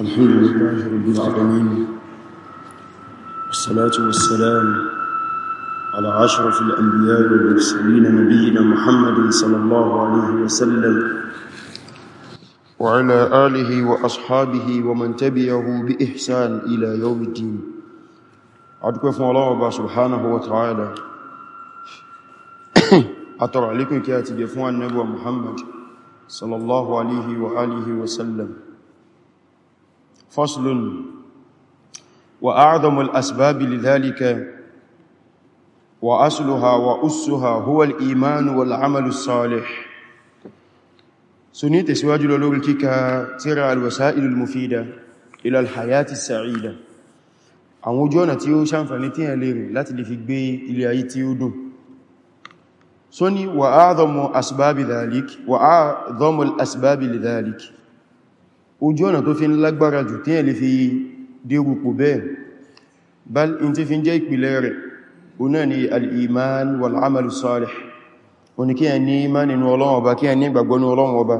الحمد لله رب العالمين والصلاة والسلام على أشرف الأنبياء والمرسلين نبينا محمد صلى الله عليه وسلم وعلى آله وأصحابه ومن تبعه بإحسان إلى يوم الدين أدكف الله سبحانه وتعالى أترى عليكم كاتب يفوان نبوة محمد صلى الله عليه وآله وسلم فصل وأعظم الأسباب لذلك وأصلها وأسها هو الإيمان والعمل الصالح سنيت تسواج لولوغ الكيكا ترى الوسائل المفيدة إلى الحياة السعيدة أمو جونا تيو شانفا نتين ليري لا تلفق بي إلي أي تيو دو سني وأعظم أسباب ذلك وأعظم الأسباب لذلك ojú ọ̀nà tó fi ń lágbára jù tí ẹ̀ lè fi dérúpò bẹ́ẹ̀ bal in ti fi ń jẹ́ ìpìlẹ̀ rẹ̀ ọ̀nà ni al-iman wal-amalu salih wọn ni kí ẹ ní iman inú Ọlọ́run ọba kí ẹ ní ìgbàgbọ́ inú ọba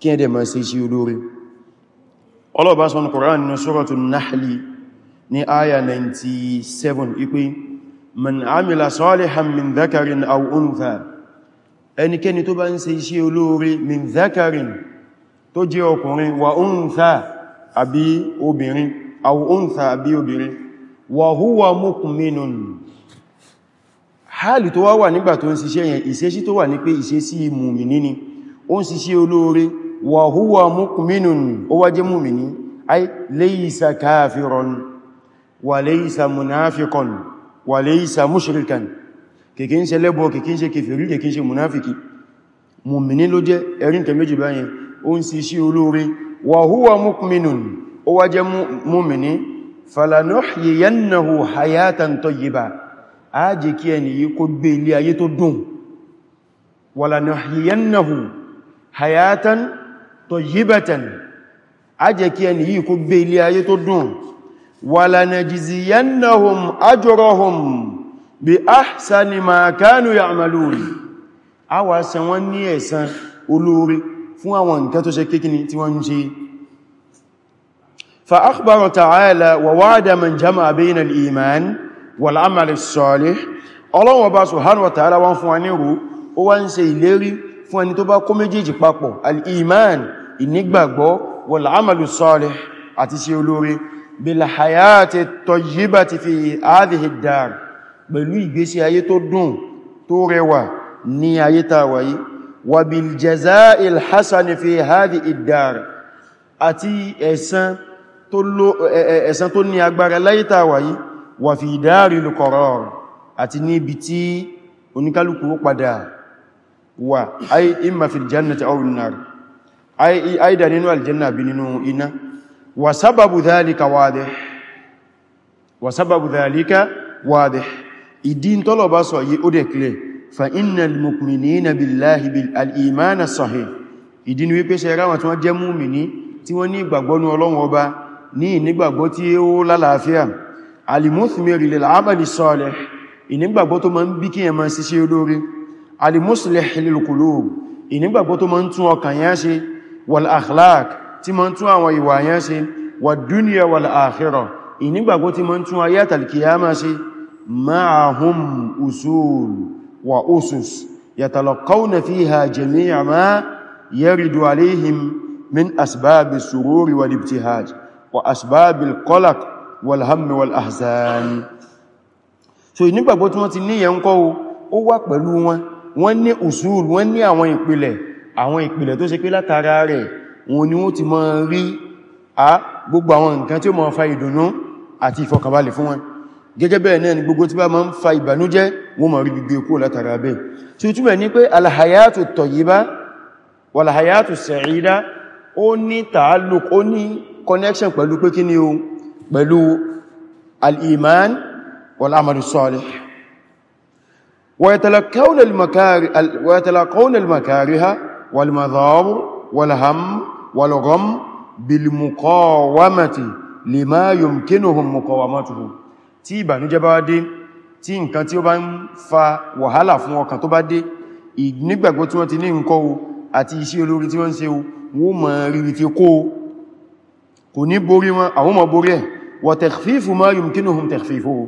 kí ẹ 97 ipé man amila salihan min dhakarin aw untha ẹnikẹ́ni tó bá ń ṣe iṣẹ́ tó jẹ́ ọkùnrin wà oúnṣà àbí obìnrin àwọ oúnṣà àbí obìnrin wà húwà mukminun hálì tó wá wà nígbà tó ń ṣiṣẹ́ yẹn ìṣesí tó wà ní pé ìṣesí mùmìní ni ó ń ṣiṣẹ́ olóore wà húwà mukminun ó wá jẹ́ mùmìní ay laysa kafiran wà laysa munafiqan wà laysa mushrikan kìkín ṣe lẹ́bọ̀ kìkín ṣe kèfèrí kìkín ṣe munafiki mùmìní ló jẹ́ ẹ̀rí nǹkan méjì báyẹn ó ń sì ṣe olóore wa huwa mu'minun ó wá jẹ́ múmìní falanuhyiyannahu hayatan tayyiba a jẹ́ kí ẹni yìí kó gbé ilé ayé tó dùn walanuhyiyannahu hayatan tayyibatan a jẹ́ kí ẹni yìí kó gbé ilé ayé tó dùn walanajziyannahum ajrahum bi ahsani ma kanu ya'malun a wá san ní ẹ̀san olóore fún àwọn nǹkan tó ṣe kékini tí wọ́n ń ṣe fa akhbara ta'ala wa wa'ada man jama'a bayna al-iman wal amal as-salih Ọlọ́hun Ọba subhanahu wa ta'ala wọ́n fún wa ní rú ó wá ń ṣe ìlérí fún ẹni tó bá kó méjèèjì al-iman ìnígbàgbọ́ wal amal as-salih àti ṣe olóore bil hayati tayyibati fi hadhihi ad-dar pẹ̀lú ìgbésí ayé tó dùn tó rẹwà ní ayé tàwàyé وبالجزاء الحسن في هذه الدار àti ẹ̀san tó lọ ẹ̀san tó ní agbára laita wayi wa fi daril qarar àti ní bi tí oníkálùkù padà wà ay imma fil jannati aw in nar nínú aljanna bí nínú iná wa sababu dhalika wadih فإن المؤمنين بالله بالإيمان الصحيح ìdí ni wípé ṣe ráwọn tí wọ́n jẹ́ múmìní tí wọ́n ní ìgbàgbọ́ ní ọlọ́run ọba ní ìnígbàgbọ́ tí ó lálàáfíà alìmúthmìrì lè láàbàlì sọ́ọ̀lẹ̀ ìnígbàgbọ́ tó tí ma ń tún àwọn ìwà yá ṣe wad dunya wal وأسس يتلقون فيها جميع ما يرد عليهم من أسباب السرور والابتهاج وأسباب القلق والهم والأحزان so nígbàgbọ́ tí wọ́n ti níyẹ ń kọ́ ó wà pẹ̀lú wọn wọ́n ní usul wọ́n ní àwọn ìpìlẹ̀ àwọn ìpìlẹ̀ tó ṣe pé látara rẹ̀ wọn ni wọ́n ti máa rí a gbogbo àwọn nǹkan tí ó máa fa ìdùnnú àti ìfọ̀kànbalẹ̀ fún wọn gẹ́gẹ́ bẹ́ẹ̀ náà ni gbogbo tí bá ma ń fa ìbànújẹ́ wọ́n ma rí gbogbo ikú látara bẹ́ẹ̀ tí ó túnmẹ̀ ní pé alhayatu tọ̀yíbá walhayatu sa'ida ó ní ta'alluq ó ní connection pẹ̀lú pé kí ni o pẹ̀lú al'iman wal'amalu tí ìbànújẹ́ bá dé tí nǹkan tí ó bá ń fa wàhálà fún ọkàn tó bá dé nígbàgbọ́ tí wọ́n ti ní nǹkan o àti iṣẹ́ olórí tí wọ́n ń o wọ́n mọ̀ rírí fi kó o kò ní borí wọn àwọn mọ̀ borí ẹ̀ wa takhfifu ma yumkinuhum takhfifuhu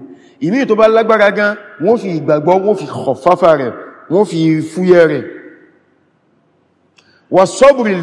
ìmí tó bá lágbára gan wọ́n fi ìgbàgbọ́ wọ́n fi khaffafa rẹ̀ wọ́n fi fúyẹ́ rẹ̀ wa sabril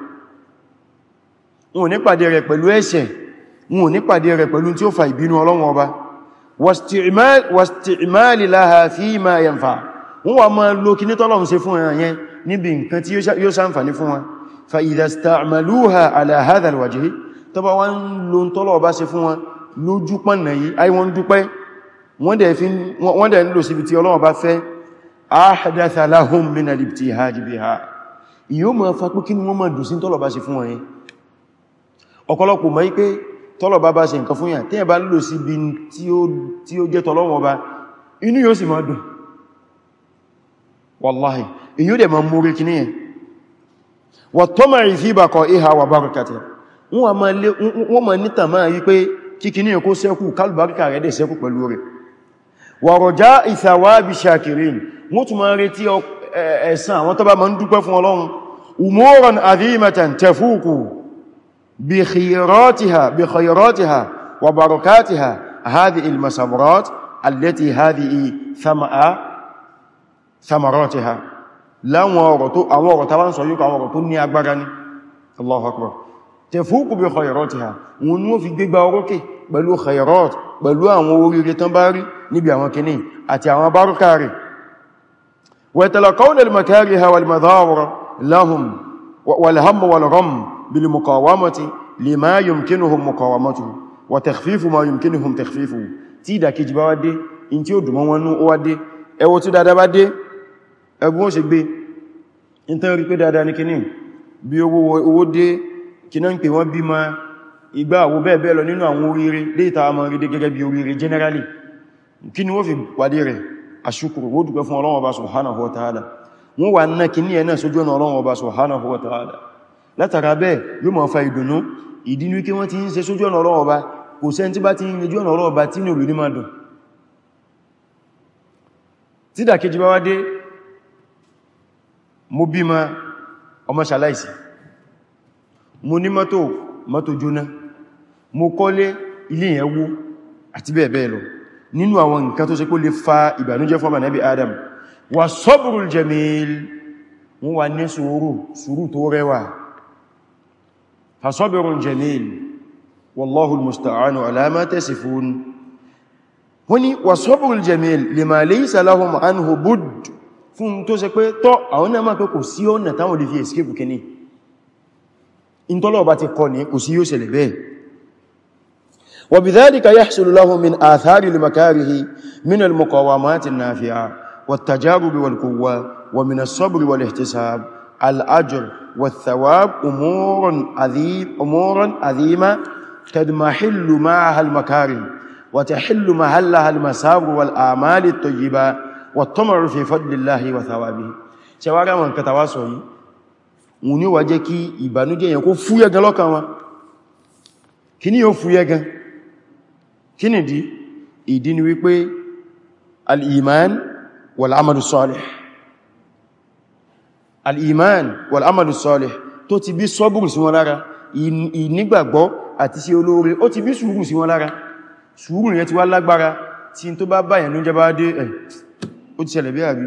wọn ò ní pàdé rẹ̀ pẹ̀lú ẹ̀ṣẹ̀ wọn ò ní pàdé rẹ̀ pẹ̀lú tí ó fa ìbínú Ọlọ́run ọba wasti'imali laha fi ma yanfa wọn wà máa lo kí nítọ́lọ́run ṣe fún ẹ̀yàn yẹn níbi nǹkan tí yóò ṣàǹfàní fún wọn fa idha sta'maluha ala hadha alwajh tó bá wọ́n lo tọ́lọ̀ ọba ṣe fún wọn lójú pọ̀nà yìí yóò máa fa pé kí ni wọ́n máa dùn sí tọ́lọ̀ ọba fún wọn ọ̀pọ̀lọpọ̀ mọ̀ pé tọ́lọ̀bá bá ṣe nǹkan fún yàn tí ẹ bá lò sí ibi tí ó jẹ́ tọ́lọ́wọ́ bá inú yóò sì máa dùn wallahi èyí ó dẹ̀ máa múrí kì níyàn wà tó máa rí fíbà kọ ìhà wà bárùkàtẹ̀ wọ́n ma nítà máa yí pé kíkì ní ẹkó sẹ́kù kálùbáríkà rẹ̀ dẹ̀ sẹ́kù pẹ̀lú rẹ̀ wà rọ̀já ìsàwábì shakirin umoran adhimatan tafuku بخيراتها بخيراتها وبركاتها هذه المسمرات التي هذه ثم ثمراتها لا ورتو او ورتو ان سويك او ورتو ني اغبارني الله اكبر تفوق بخيراتها ونو في ديغبا اوروكي بلو خيرات بلو ان اوريري تان باري نيبي اوان كيني اتي اوان باركاري ويتلقون المكاره والمذاور لهم والهم والغم بالمقاومة لما يمكنهم مقاومته وتخفيف ما يمكنهم تخفيفه tí ìdàkejì bá wá dé in tí ó dùn mọ́ wọn nú ó wá dé ẹwọ tí dáadáa bá dé ẹgbùn ó ṣe gbé in tán rí pé dáadáa ní kíní bí owó dé kíná ń pè wọ́n bí ma igbá àwọ bẹ́ẹ̀ nínú àwọn oríire léta àmọ́ rí dé gẹ́gẹ́ bí oríire generally kí ni wọ́n fi pàdé rẹ̀ àṣùkùrù wó dùpẹ́ fún Ọlọ́run Ọba subhanahu wa ta'ala wọ́n wà ń ná kíní ẹ̀ náà sójú ọ̀nà Ọlọ́run Ọba subhanahu wa ta'ala látara bẹ́ẹ̀ yóò máa fa ìdùnnú ìdínú kí wọ́n ti ń ṣe sójú ọ̀nà Ọlọ́run Ọba kò sẹ́ni tí bá ti ń yẹjú ọ̀nà Ọlọ́run Ọba tí ní òbí ní máa dùn tí dàkejì bá wá dé mo bí ma ọmọ ṣaláìsí mo ní mọ́tò mọ́tò jóná mo kọ́lé ilé yẹn àti bẹ́ẹ̀ bẹ́ẹ̀ lọ nínú àwọn nǹkan tó ṣe kó lè fa ìbànújẹ́ fọ́mà náà bí Adam wà sọ́bùrù jẹ́mìl wọ́n wà ní sùúrù sùúrù tó rẹwà فصبر جميل والله المستعان على ما تسفون هني وصبر الجميل لما ليس لهم عنه بد fún tó ṣe pé tó àwọn náà máa pé kò sí ọ̀nà táwọn lè fi escape kìíní in tọ́lọ̀ ọba ti kọ ní kò sí yóò ṣẹlẹ̀ bẹ́ẹ̀ وبذلك يحصل له من آثار المكاره من المقاومات النافعة والتجارب والقوة ومن الصبر والاحتساب الأجر والثواب أمور عظيم أمور عظيمة تضمحل معها المكارم وتحل محلها المساور والأعمال الطيبة والطمع في فضل الله وثوابه ṣẹwàrá wọn kẹta wá sọ yìí wọn ni ó wà jẹ́ kí ìbànújẹ́ yẹn kó fúyẹ́ gan lọ́kàn wọn kí ní yóò fúyẹ́ gan kí nìdí ìdí ni wípé al-iman wal-amalu salih al-iman wal-amalu salih tó ti bí sọ́bùrù sí wọn lára ìnígbàgbọ́ àti sí olóore ó ti bí sùúrù sí wọn lára sùúrù yẹn ti wá lágbára tí tó bá báyẹ̀ ló jẹba dé ẹ̀ eh, ó ti ṣẹlẹ̀ bí àrí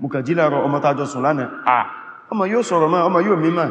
mùkàjílárọ ọmọ tàjọ sùn lánàá à ọmọ yóò sọ̀rọ̀ máa ọmọ yóò mímọ̀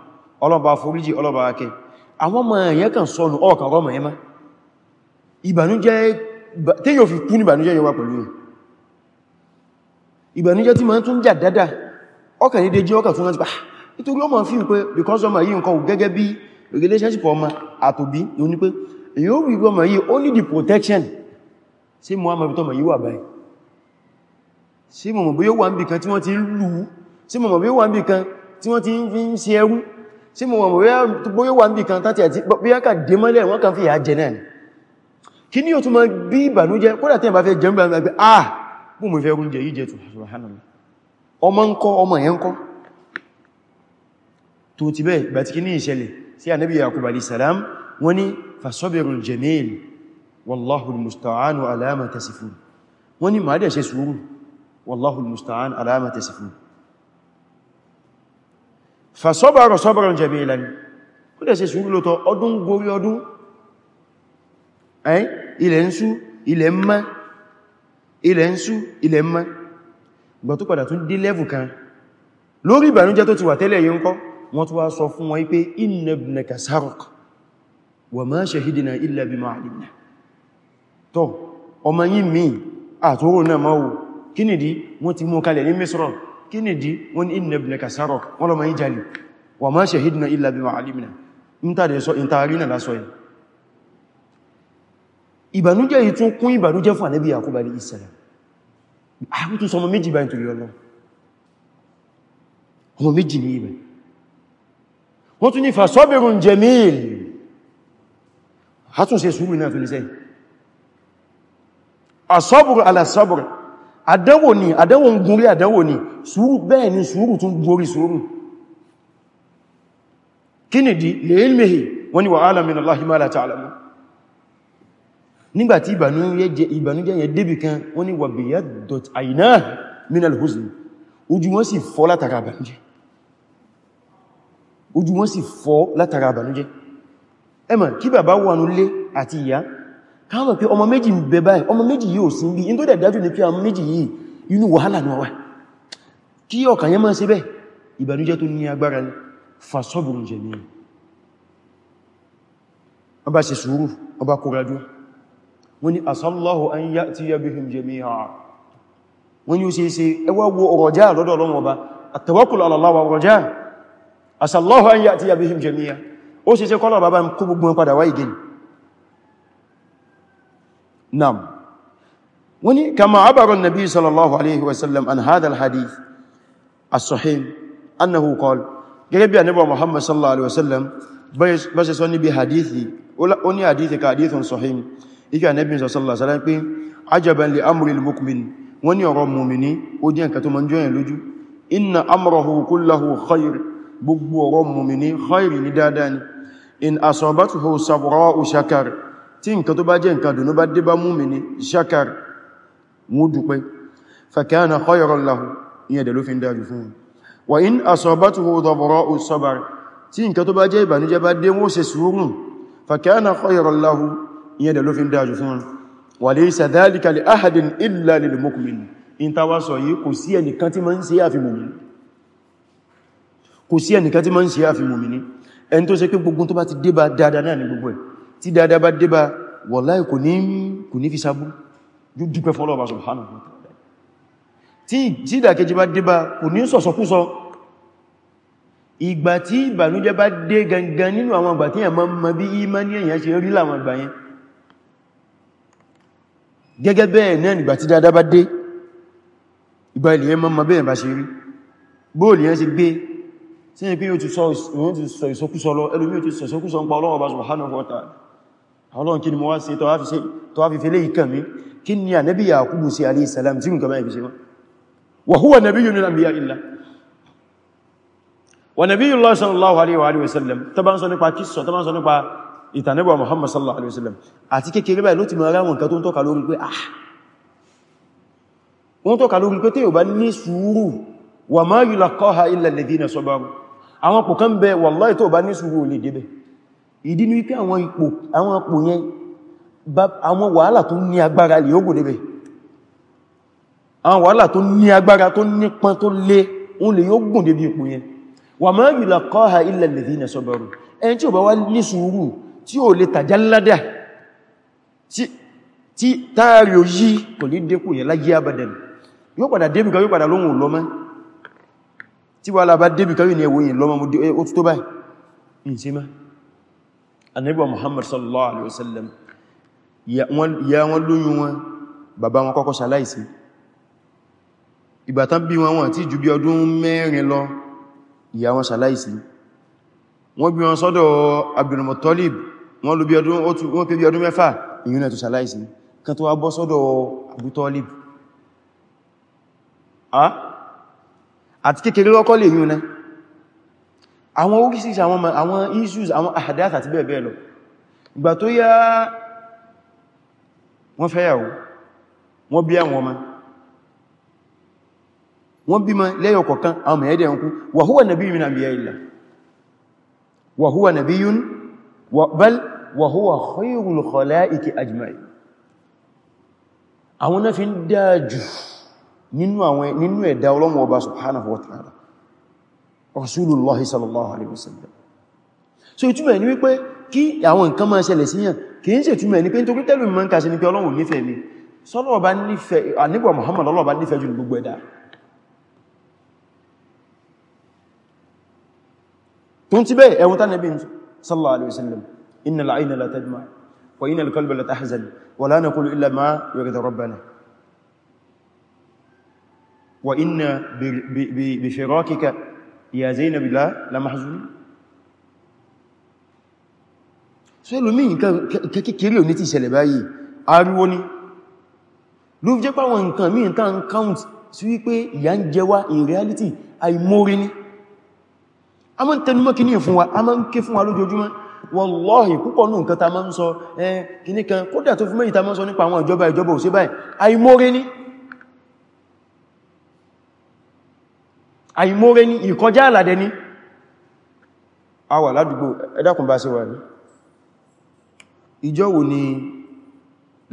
ọlọ́ba foríjì ọlọ́ba akẹ́ àwọn ọmọ èèyàn kan sọnù ọkàn rọmọ ẹ má ìbànújẹ́ tí yóò fi kú ní ìbànújẹ́ yóò wà pẹ̀lú ẹ̀ ìbànújẹ́ tí ma ń tún jà dáadáa ọkàn nídé jí ọkàn tún rántí pa ah, nítorí ọmọ fi ń pé because ọmọ yìí nǹkan gẹ́gẹ́ relationship ọmọ àtòbí yóò ní pé yóò rí ọmọ the protection sí mọ́ àmọ́ ìbítọ́mọ̀ yìí wà báyìí sí mọ̀ mọ̀ bí ó wà ń bì kan tí wọ́n ti ń lù ú fi ń ṣe ẹrú sí mo mọ̀ bóyá wà ń bí kan tàti àti bóyá kà dé mọ́lẹ̀ wọ́n kan fi ìyà jẹ náà kí ní òtún ma bí ìbànújẹ́ kódà tí ìbá fẹ́ jẹun bá gbé ah bú mo fẹ́ oúnjẹ yìí jẹ tù ọmọ ń kọ́ ọmọ yẹn kọ́ tó ti bẹ́ ìgbà tí kí ní ìṣẹ̀lẹ̀ sí ànábì yakub fàṣọ́bàrọ̀ sọ́bàrọ̀ jẹ̀bẹ̀ ìlànì ó dẹ̀ ṣe sùúrù lótọ́ ọdún gorí ọdún ẹ́yìn ilẹ̀ ń sú ilẹ̀ ń mọ́ ilẹ̀ ń sú ilẹ̀ ń mọ́ gbọ́ tó padà tún dé lẹ́vù kan lórí ìbànújẹ́ tó ti wà tẹ́lẹ̀ yìí ń kọ́ wọ́n tó wá sọ fún wọn pé inna kí ni dí wọ́n ní inna ibnaka saraq wọ́n lọ ma yí jalè wa ma shahidna illa bima alimna ìntàdẹ̀ sọ ìntàrínà lásọ yìí ìbànújẹ́ yìí tún kún ìbànújẹ́ fún ànábì Yakub alayhi salam àwọn tó sọmọ méjì báyìí torí ọlọ́ ọmọ ní ibẹ̀ wọ́n ala sabr àdánwò ni àdánwò ń gúnrí àdánwò ni sùúrù bẹ́ẹ̀ ni sùúrù tún gorí sùúrù kí ni di lè ilmihi wọ́n ni wà alamin Allahi ma la ta'alamu nígbàtí ìbànújẹ́ yẹn débì kan wọ́n ni wà biyaddat aynahu min al-huzni káàmọ̀ pé ọmọ méjì ń bẹ báyìí ọmọ méjì yìí ò sí bí in tó dẹ̀ dájú ní pé ọmọ méjì yìí inú wàhálà ní ọwá kí ọkàn yẹn máa ṣe bẹ́ ìbànújẹ́ tó ní agbára ní fasọ́bùrù jẹ ní ọba ṣe sùúrù ọba kórajú wọ́n ni asọ́lọ́hù an yá tí yá bihim jami'a wọ́n ni ó ṣe ṣe ẹwà wo ọ̀rọ̀já نعم وني كما عبر النبي صلى الله عليه وسلم عن هذا الحديث الصحيح أنه قال gẹ́gẹ́ bí àníbà Muhammad sallallahu alaihi wasallam bá ṣe sọ níbi hadithi ó ní hadithi ka hadithun sahih ikẹ́ àníbì sallallahu alaihi wasallam pé ajaban li amri al-mukmin wọ́n ní ọ̀rọ̀ mùmìní ó jẹ́ nǹkan tó mọ́ jọyìn lójú inna amrahu kullahu khair gbogbo ọ̀rọ̀ mùmìní khair ni dáadáa ni in asabatuhu sabra'u shakar tí nǹkan tó bá jẹ́ nǹkan dùnú bá dé bá mùmínì ṣakar mú dúpẹ́ fakana khayran lahu ìyẹn dẹ̀ ló fi ń dájú fún wa in asabatuhu dhabra'u sabar tí nǹkan tó bá jẹ́ ìbànújẹ́ bá dé wó ṣe sùúrù fakana khayran lahu ìyẹn dẹ̀ ló fi ń dájú ẹni tó ṣe pé gbogbo tó bá ti dé bá dáadáa náà ní gbogbo ẹ̀ tí dáadáa bá dé bá wallahi kò ní fi sábú dúpẹ́ fún Ọlọ́run subhanahu wa ta'ala tí ìdàkejì bá dé bá kò ní sọ̀sọ̀kúsọ ìgbà tí ìbànújẹ́ bá dé gangan nínú àwọn ìgbà tí èyàn máa mọ bí ìmání èyàn ṣe rí láwọn ìgbà yẹn gẹ́gẹ́ bẹ́ẹ̀ náà ìgbà tí dáadáa bá dé ìgbà ilẹ̀ máa mọ bẹ́ẹ̀ bá ṣe rí bóòlì yẹn ṣe gbé sí ẹni pé yóò ti sọ ìsọkúsọ lọ ẹlòmí yóò ti sọ ìsọkúsọ ń pa Ọlọ́run subhanahu wa ta'ala ọlọ́run kí ni mo wá ṣe tọ́wá fi fẹ́lẹ̀ ìkàn mi kí ni ànábì Yakubu sí alayhi salam tí nǹkan báyìí fi ṣe wọ́n wa huwa nabiyyun min anbiya illah wa nabiyullah sallallahu alaihi wasallam tó bá ń sọ nípa kíso tó bá ń sọ nípa ìtànẹ́bà Muhammad sallallahu alaihi wasallam àti kékeré báyìí ló ti mọ̀ ara wọn nǹkan tó ń tọ́ka lórí pé ah wọ́n yóò bá ní sùúrù wa ní sùúrù ò lè ìdí ní wípé àwọn ipò àwọn ipò yẹn àwọn wàhálà tó ní agbára lè ógùn débẹ̀ àwọn wàhálà tó ní agbára tó nípọn tó lé oun lè ógùn débí ipò yẹn wa ma yulaqaha illa alladhina sabaru ẹni tí ò bá wá ní sùúrù tí ò lè tàjáládà tí táàrí ò yí kò ní dépò yẹn láyé abadan yóò padà débì kan yóò padà lóhun lọ́mọ tí wà lábá débì kan yóò ní ẹwòyìn lọ́mọ ó tó báyìí annabi muhammad sallallahu alaihi wasallam ya wọn lóyún wọn bàbá wọn kọ́kọ́ ṣaláìsí ìbátan bí wọn wọn tí jù bí ọdún mẹ́rin lọ ìyá wọn ṣaláìsí wọ́n bí wọn sọ́dọ̀ abdul muttalib wọ́n lò bí ọdún wọ́n pé bí ọdún mẹ́fà ìyún ẹ̀tù ṣaláìsí kan àwọn oríṣìíṣìí àwọn issues àwọn àdáta àti bẹ́ẹ̀ bẹ́ẹ̀ lọ ìgbà tó yá wọ́n fẹ́yàwó wọ́n bí àwọn ọmọ wọ́n bí ma lẹ́yọ kọ̀kan àwọn mẹ́ẹ̀dẹ̀ ẹ̀kú wa huwa nabiyyun min anbiya'illah wa huwa nabiyyun bal wa huwa khayrul khalaiqi ajma'in àwọn náà fi Rasulullahi sallallahu alaihi wasallam so ìtumọ̀ ni wípé kí àwọn nǹkan máa ṣẹlẹ̀ síyàn kì í ṣe ìtumọ̀ ni pé nítorí tẹ́lù mọ́ ń kà sí ní pé Ọlọ́run nífẹ̀ẹ́ mi sọ́lọ́ọ̀bá nífẹ̀ẹ́ àníbà Muhammad ọlọ́ọ̀bá nífẹ̀ẹ́ jù gbogbo ẹ̀dá tún ti bẹ́ẹ̀ ẹwọ́n tánàbí sallallahu alaihi wasallam innal ayna la tadma' wa innal qalba la tahzan wa la naqulu illa ma yurida rabbana wa inna bi firaqika ìyà Zainab la mahzuni so ẹlòmí kékeré ò ní ti ṣẹlẹ̀ báyìí ariwo ni ló jẹ́ pàwọn nǹkan mí nǹkan ń count sí wípé ìyà ń jẹ wá in reality àìmórí ni a mọ́ ń tẹnumọ́ kí ní fún wa a mọ́ ń ké fún wa lójoojúmọ́ wallahi púpọ̀ ní nǹkan ta mọ́ ń sọ ẹ kìníkan kódà tó fún méjì ta mọ́ ń sọ nípa àwọn ìjọba ìjọba òṣèbáyìí àìmórí ni àìmóre ní ìkọjá àlàdẹ ní àwà ládùgbò ẹ̀dàkùn bá sí wà ní ìjọ wo ni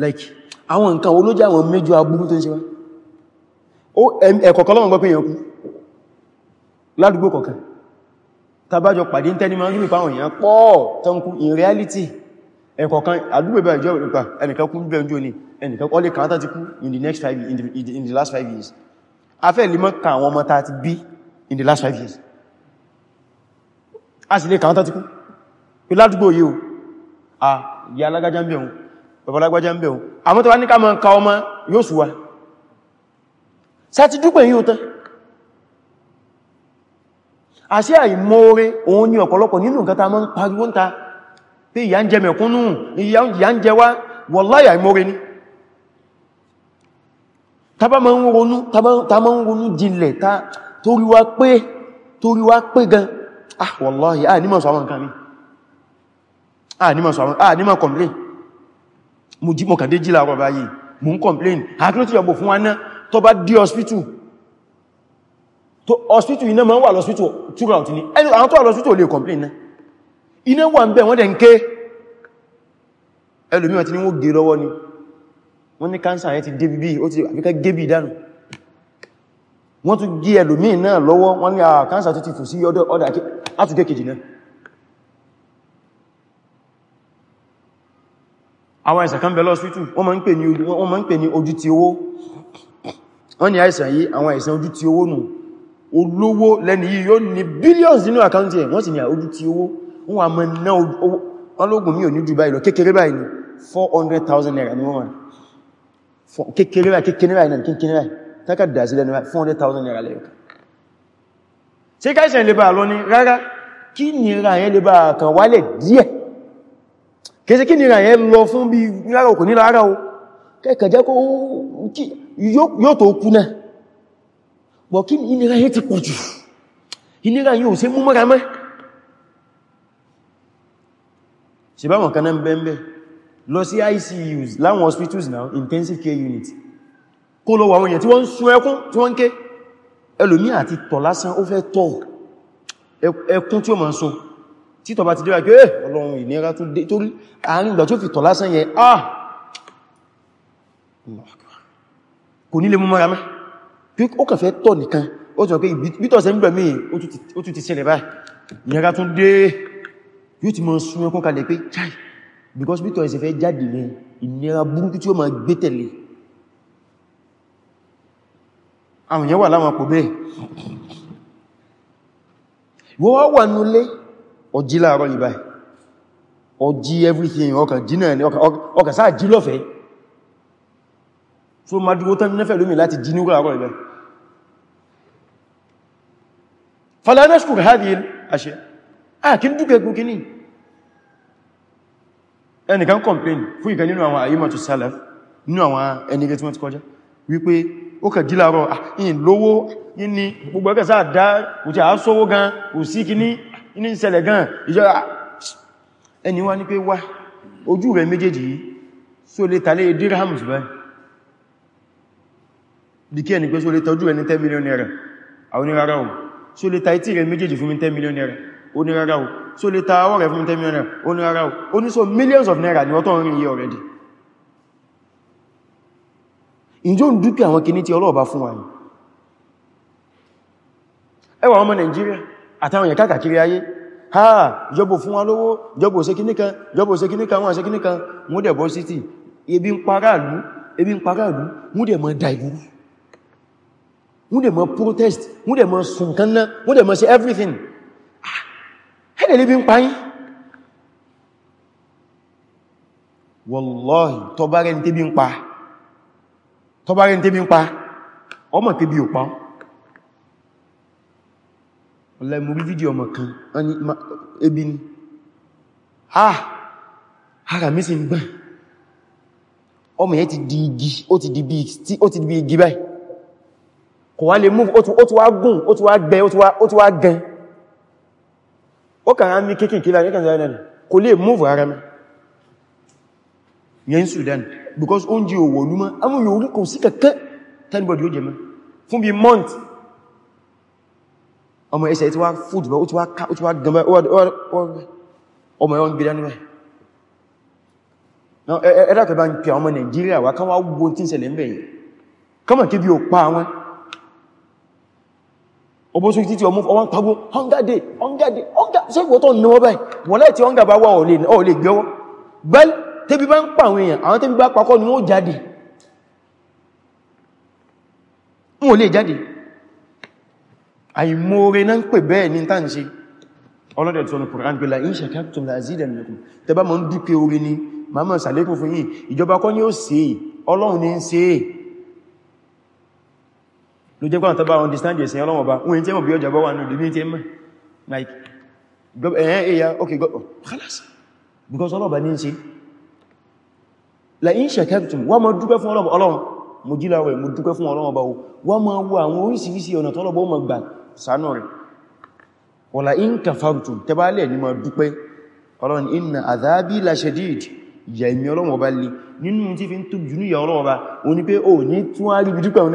like àwọn nǹkan wo ló jẹ́ àwọn méjì agbúrú tó ń ṣe wá ẹ̀kọ̀kọ́ lọ́wọ́n gbọ́ pé yẹnkú ládùgbò kọ̀kan tàbájọ pàdé tẹ́ni máa rí ìpáwọn èèyàn pọ̀ tọ́nkú in reality ẹ̀kọ̀kan àdúgbò bá ìjọ ìpá ẹnìkan kú bẹ̀rún jò ní ẹnìkan ọlẹ́ kàátà ti kú in the next five in the last five years afẹ́ lè mọ́ ka àwọn ọmọ ta ti bí in the last five years a sì lè kàwọn tàtíkú pí ládùgbò yíò à yà alágájá ń bẹ̀ ohun babalágbájá ń bẹ̀ ohun àmọ́ tó wá ní ká mọ́ ka ọmọ yóò súwa sáti dúpẹ̀ yíò tán àṣí àìmọ́re òun ni ọ̀pọ̀lọpọ̀ nínú nǹkan ta mọ́ ń pariwo ń ta pé ìyà ń jẹ mẹ̀kúnnù ìyà ń jẹ wá wọ́láyà àìmọ́re ni tàbá ma ń ronú tàbá ma ń ronú jinlẹ̀ torí wá pé torí pé gan ah wallahi ah ní ma sọ àwọn nǹkan mi ah ní ma sọ àwọn ah ní ma complain mo jí mọ̀kàndé jí láàrọ̀ báyìí mo ń complain àkílò tí ọgbò fún wa náà tó bá dí hospital tó hospital iná ma ń wà lọ́spítù throughout ní ẹni àwọn tó wà lọ́spítù lè wọ́n ní káńsà yẹn ti dé bíbí ó ti àfikẹ́ gébì dánù wọ́n tún gí ẹlòmíì náà lọ́wọ́ wọ́n ní àà káńsà tó ti fò sí ọdọ̀ ọdọ̀ àtúgé kejì náà àwọn àìsàn kan bẹ̀lọ́ sítù wọ́n máa ń pè ní ojú ti owó wọ́n ní àìsàn yìí àwọn àìsàn ojú ti owó nù olówó lẹ́ni yìí yóò ní billions nínú àkáǹtì ẹ̀ wọ́n sì ní ah, ojú ti owó wọ́n wà mọ́ náà ológun mi ò ní jù báyìí lọ kékeré báyìí 400,000 naira ni wọ́n wà kékeré báyìí kékeré báyìí náà kékeré báyìí tákà dàzí lẹ́nu báyìí 400,000 naira lẹ́yọ̀ká ṣe káìsẹ̀ lè bá lọ ní rárá kí nira yẹn lè bá kàn wálẹ̀ díẹ̀ kéèsẹ̀ kí nira yẹn lọ fún bí rárá òkú nílò ara o kẹ́kàn jẹ́ kó yóò tó kú náà bọ̀ kí nira yẹn ti pọ̀ jù ìnira yìí ò ṣe mú mọ́ra mẹ́ ṣe bá wọn kan náà lọ sí ICUs láwọn hospitals now intensive care unit kó lọ wàwọn èèyàn tí wọ́n ń sun ẹkún tí wọ́n ń ké ẹlòmí àti tọ̀ lásán ó fẹ́ tọ̀ ẹkún tí ó máa ń sun títọ̀ bá ti dẹ́rà pé eh, ọlọ́run ìnira tó dé torí àárín ìgbà tó fi tọ̀ lásán yẹn ah kò nílé mú mọ́ra mẹ́ pé ó kàn fẹ́ tọ̀ nìkan ó ti wọ́n pé ìbítọ̀sẹ̀ ń gbẹ̀mí ó tún ti ṣẹlẹ̀ báyìí ìnira tó dé yóò ti máa sun ẹkún kalẹ̀ pé chai because bí tọ́ ẹ̀sẹ̀ fẹ́ jáde ní ìnira burúkú tí ó ma gbé tẹ̀lé àwọn èèyàn wà láwọn àpò bẹ́ẹ̀ wọ́n wà núlé ọjí láàárọ̀ ìbá ọjí everything ọkàn jí náà ní ọkàn sáà jí lọ́fẹ́ so ma dúró tán nẹ́fẹ̀ lómi láti jí níwọ́ láàárọ̀ ìbá fala nashkur hadhihi al-ashya' ẹnìkan complain fún ìkan nínú àwọn àyíma tó salaf nínú àwọn ẹnìyàn tí wọ́n ti kọjá wípé ó kà jílárọ̀ àyìn ah, lówó ní gbogbo ẹgbẹ̀ sáà dá òtí àásọ́wó gan kò sí kí ní ìṣẹ̀lẹ̀ gan ìjọra ah, ẹni wá ní pé wá ojú rẹ̀ méjèèjì yìí só lè tàlé dirhams báyìí bí kí ẹni onírárá o so lè ta ọwọ́ rẹ̀ fún 10 million onírárá o ó ní so millions of naira ni wọ́n tó ń rí iye already ìjọ ń dúkẹ́ àwọn kìíní tí ọlọ́ọ̀bá fún wa yìí ẹwà ọmọ Nàìjíríà àtàwọn èèyàn káàkiri ayé ha jọbò fún wa lówó jọbò ṣe kíníkan jọbò ṣe kíníkan dẹ̀ ebi ń ebi ń paráàlú mú dẹ̀ mọ́ dàìbúrú mú dẹ̀ mọ́ protest mú dẹ̀ mọ́ dẹ̀ mọ́ ṣe everything ẹ̀lẹ̀ lè bí ń páyín wallahi tọbárẹ́ ní tébí ń pa tọbárẹ́ ní tébí ń pa ọmọ tébí ò pa ọlẹ́mú rí fídíò ọmọ kan ebi ni ah ara mi sì ń gbọ́n ọmọ yẹn ti di igi ó ti di bí igi báyìí kò wá lè move ó ti wá gùn ó ti wá gbẹ ó ti wá gan ó kàrà mí kíkì kílá ní kànzá ìrìnà kò lè move ara mi yẹn Sudan because oúnjẹ òwò olúmọ́ amú yóò rí kò sí kẹ́kẹ́ tẹ́nibọ̀dì ó jẹ mẹ́ fún bí month ọmọ ẹsẹ̀ tí wá food bọ́ ó ti wá gẹmẹ́ ọmọ ẹwọ́n gbé dánimẹ́ ẹ̀dàkẹ́ bá ń pẹ ọmọ Nàìjíríà wá kán wá gbogbo tí ń ṣẹlẹ̀ ń bẹ̀yìn kọ́mọ̀ kí bí ó pa àwọn ọbọ̀ sí títí ọmọ ọwọ́n tagbó hunger day hunger day hunger ṣe ìwọ̀tọ̀ ní wọ́n báyìí wọ́n láì tí hunger bá wà ọ̀ lè gbẹ́wọ́ bẹ́ẹ̀ tẹ́bí bá ń pa àwọn èèyàn àwọn tẹ́bí bá pakọ́ ni wọ́n jáde wọ́n lè jáde àìmóore náà ń pè bẹ́ẹ̀ ní tàǹṣe ọlọ́dẹ̀ tí wọ́n kùnrán gbẹ̀lá in shakartum la azidannakum tẹ́bá mọ́ ń dúpẹ́ orí ni màmá sàlékùn fún yìí ìjọba kọ́ ni ó ṣe ọlọ́run ni ń ṣe ló jẹ́ pàtàkì bá understand ẹ̀sìn ọlọ́wọ́ bá wọ́n tí ẹmọ̀ bí ọjà bọ́ wà ní ìdí ní tí ẹmọ̀ like ẹ̀yẹn eh, eh, ẹ̀yà ok khalas because ọlọ́ba ní ṣe la in shakartum wà mọ́ dúpẹ́ fún ọlọ́run mo jílá rẹ̀ mo dúpẹ́ fún ọlọ́run bá wà mọ́ wọ àwọn oríṣiríṣi ọ̀nà tọ́lọ́bọ̀ mọ̀ gbà sánú rẹ̀ wala in kafartum tẹbálẹ̀ ní mọ̀ dúpẹ́ ọlọ́run inna adhabi la shadid ìyà ìmì ọlọ́run ọba lè nínú tí fi ń tó jù ní ìyà ọlọ́run ọba o ní pé o ní tún á rí bí dúpẹ́ òun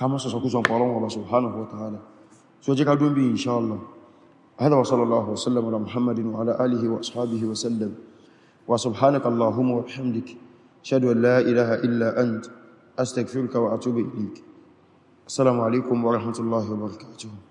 كما سسكوزن قالوا الله سبحانه وتعالى سوجي كادون بي ان شاء الله هذا وصلى الله وسلم على محمد وعلى اله واصحابه وسلم وسبحانك اللهم وبحمدك شهد ان لا اله الا انت استغفرك واتوب اليك السلام عليكم ورحمه الله وبركاته